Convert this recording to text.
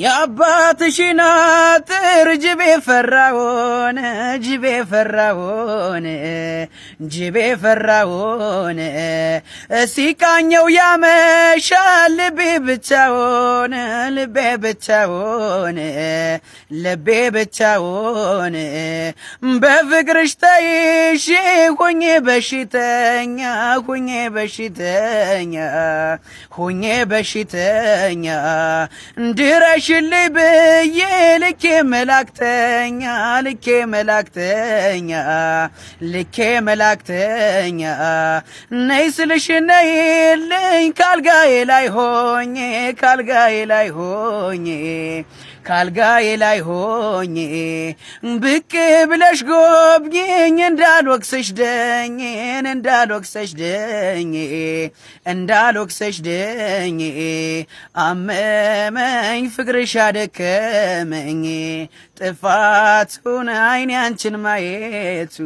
የአባትሽን አጥር ጅቤ ፈራውን ጅቤ ፈራውን ጅቤ ፈራውን ሲቃኘው ያመሻ ልቤ ብቻውን ልቤ ብቻውን ልቤ ብቻውን በፍቅርሽ ተይሽ ሁኜ በሽተኛ ሁኜ በሽተኛ ሁኜ በሽተኛ ድረሽ ሽልይ ብዬ ልኬ መላክተኛ ልኬ መላክተኛ ልኬ መላክተኛ ነይ ስልሽ ነይልኝ ካልጋዬ ላይ ሆኜ ካልጋዬ ላይ ሆኜ ካልጋዬ ላይ ሆኜ ብቅ ብለሽ ጎብኝኝ እንዳልወቅሰሽ ደኝን እንዳልወቅሰሽ ደኝ እንዳልወቅሰሽ ደኝ አመመኝ ፍቅርሽ አደከመኝ ጥፋት ሆነ አይኔ አንችን ማየቱ